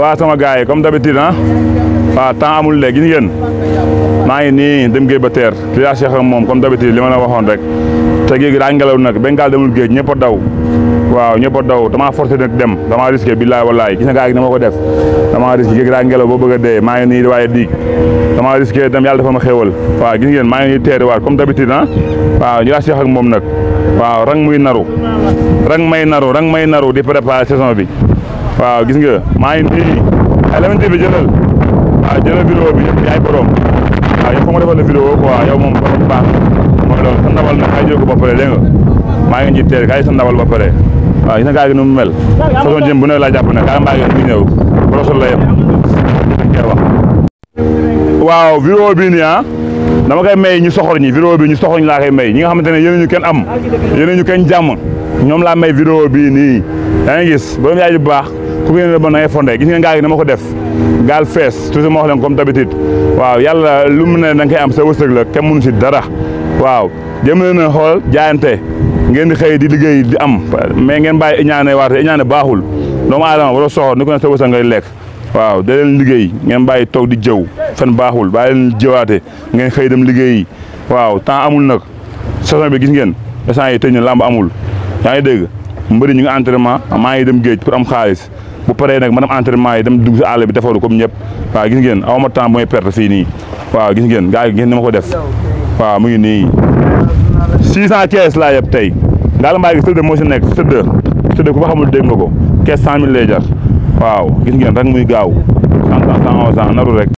waa sama gaay comme d'habitude ah waaw temps amul léegi ngeen maa ngi nii dem géej ba teer li laa cheikh ak moom comme d'habitude li ma la waxoon rek te géej gi daa ngelaw nag bengal demul géej ñëpp daw waaw ñëpp daw dama forcé nag dem dama risqué billaay wallaay gis nga gars yi dama ko def dama risqué géej gi daa ngelaw boo bëgg a dee maa ngi nii waaye diig dama risqué dem yàlla dafa ma xéewal waaw gis ngeen maa ngi nii teeri waat comme d'habitude ah waaw ñu laa cheikh ak moom nag waaw rang muy naru rang may naru rang may naru di préparer saison bi waaw gis nga maa ngi nii Element TV jëlal waaw jëlal vidéo bi yaay borom waaw yow fa defal la vidéo quoi yow moom borom baax mooy loolu sa ndawal na kaay jël ko ba pare ngi jiiteel kaay sa ndawal ba pare waaw gis nga gaa gi nu mu mel façon jëm bu ne laa jàpp ne gaa mbaa mu ñëw brosul la yëpp waaw vidéo bii nii ah dama koy may ñu soxor ñi vidéo bi ñu soxor ñi laa koy ñi nga xamante ne yéen ñu kenn am yéen ñu kenn jàmm ñoom laa may vidéo bii nii yaa ngi borom yaay bu ku ngeen la mën a effondré gis ngeen gaal gi dama ko def gaal fees toujours ma wax leen comme d'habitude waaw yàlla lu mu ne da nga koy am sa wërsëg la kenn mënu si dara waaw jëm leen a xool jaayante ngeen di xëy di liggéey di am mais ngeen bàyyi iñaane waate iñaane baaxul doomu aadama waroo soxor ni ko ne sa wërsëg ngay lekk waaw da leen liggéey ngeen bàyyi toog di jëw fen baaxul bàyyi leen jëwaate ngeen xëy dem liggéeyi waaw temps amul nag saison bi gis ngeen instant yi tëj na làmb amul yaa ngi dégg mbëri ñu ngi entraînement maa ngi dem géej pour am xaalis bu paree nag maanaam entraînement yi dem dugg si àll bi defaru comme ñëpp waaw gis ngeen awma temps mooy perte fii nii waaw gis ngeen gaa yi ni ma ko def waaw mu ngi nii 600 kees laa yëpp tey daal mbaay gi sëdd moo si nekk sëdd sëdd ku ko xamul dégg nga ko kees 100000 lay jar waaw gis geen rek muy gaaw 100 111 naru rek